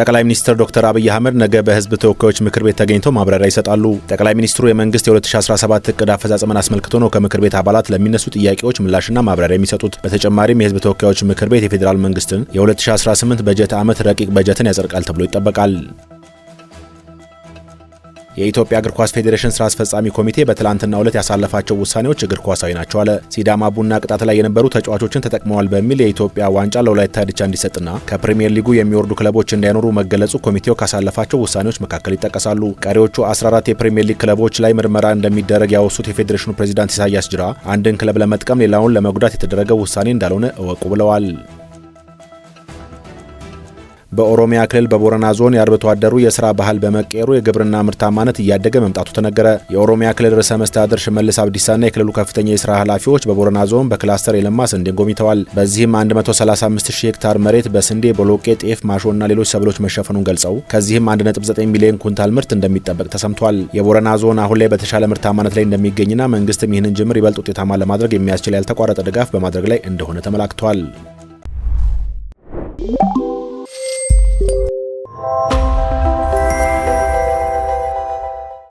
ጠቅላይ ሚኒስትር ዶክተር አብይ አህመድ ነገ በህዝብ ተወካዮች ምክር ቤት ተገኝተው ማብራሪያ ይሰጣሉ። ጠቅላይ ሚኒስትሩ የመንግስት የ2017 እቅድ አፈጻጸምን አስመልክቶ ነው ከምክር ቤት አባላት ለሚነሱ ጥያቄዎች ምላሽና ማብራሪያ የሚሰጡት። በተጨማሪም የህዝብ ተወካዮች ምክር ቤት የፌዴራል መንግስትን የ2018 በጀት ዓመት ረቂቅ በጀትን ያጸድቃል ተብሎ ይጠበቃል። የኢትዮጵያ እግር ኳስ ፌዴሬሽን ስራ አስፈጻሚ ኮሚቴ በትላንትና ዕለት ያሳለፋቸው ውሳኔዎች እግር ኳሳዊ ናቸው አለ። ሲዳማ ቡና ቅጣት ላይ የነበሩ ተጫዋቾችን ተጠቅመዋል በሚል የኢትዮጵያ ዋንጫ ለወላይታ ድቻ እንዲሰጥና ከፕሪምየር ሊጉ የሚወርዱ ክለቦች እንዳይኖሩ መገለጹ ኮሚቴው ካሳለፋቸው ውሳኔዎች መካከል ይጠቀሳሉ። ቀሪዎቹ 14 የፕሪምየር ሊግ ክለቦች ላይ ምርመራ እንደሚደረግ ያወሱት የፌዴሬሽኑ ፕሬዚዳንት ኢሳያስ ጅራ አንድን ክለብ ለመጥቀም ሌላውን ለመጉዳት የተደረገ ውሳኔ እንዳልሆነ እወቁ ብለዋል። በኦሮሚያ ክልል በቦረና ዞን የአርብቶ አደሩ የስራ ባህል በመቀየሩ የግብርና ምርታማነት እያደገ መምጣቱ ተነገረ። የኦሮሚያ ክልል ርዕሰ መስተዳድር ሽመልስ አብዲሳና የክልሉ ከፍተኛ የስራ ኃላፊዎች በቦረና ዞን በክላስተር የለማ ስንዴን ጎብኝተዋል። በዚህም 135000 ሄክታር መሬት በስንዴ፣ ቦሎቄ፣ ጤፍ፣ ማሾና ሌሎች ሰብሎች መሸፈኑን ገልጸው ከዚህም 1.9 ሚሊዮን ኩንታል ምርት እንደሚጠበቅ ተሰምቷል። የቦረና ዞን አሁን ላይ በተሻለ ምርታማነት ላይ እንደሚገኝና መንግስትም ይህንን ጅምር ይበልጥ ውጤታማ ለማድረግ የሚያስችል ያልተቋረጠ ድጋፍ በማድረግ ላይ እንደሆነ ተመላክቷል።